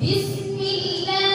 بسم الله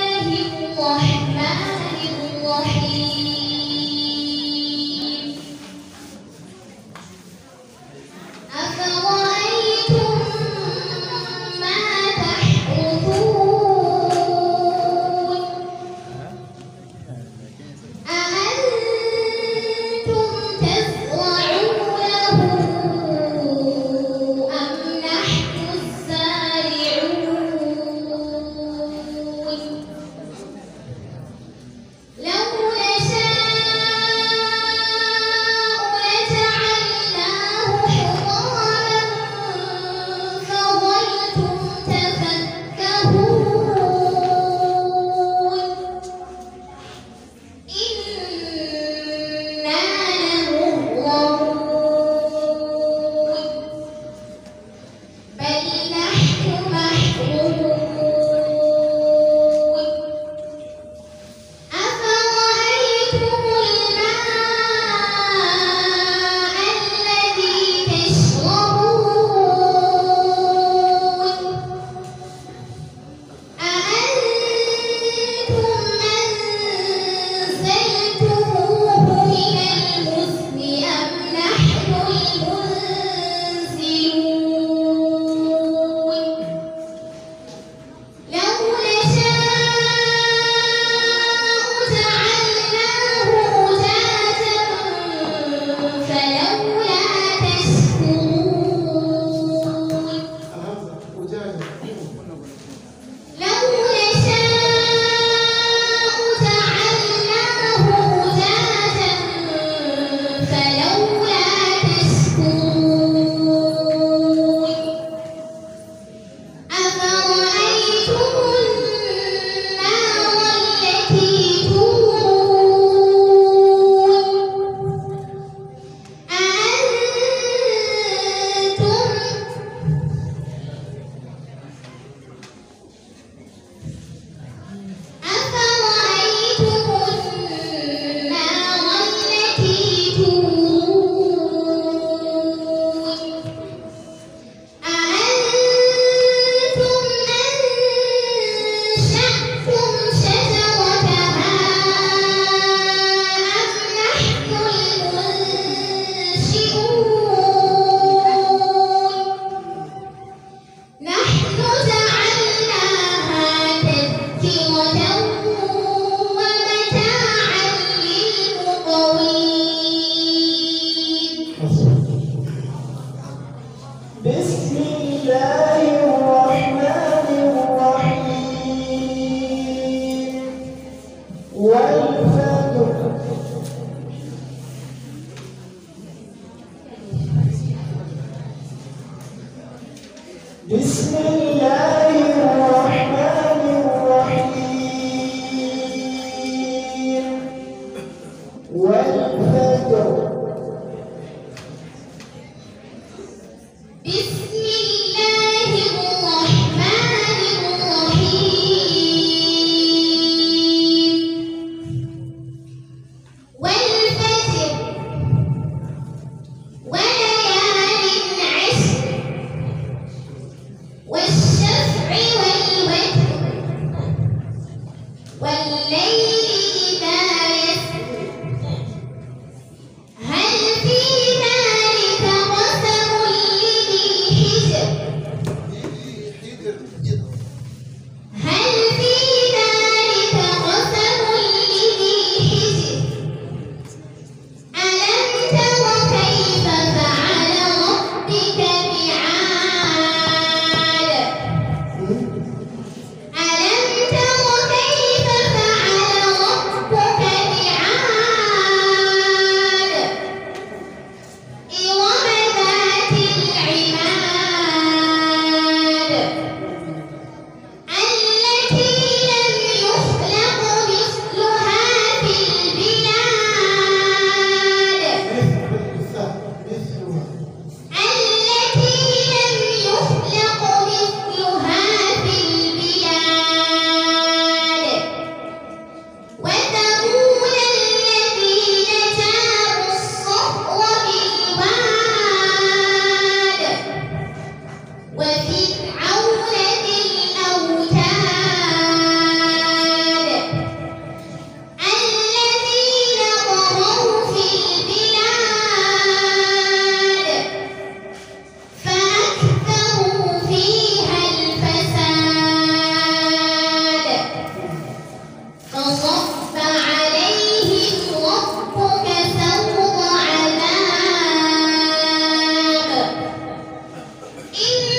Amen.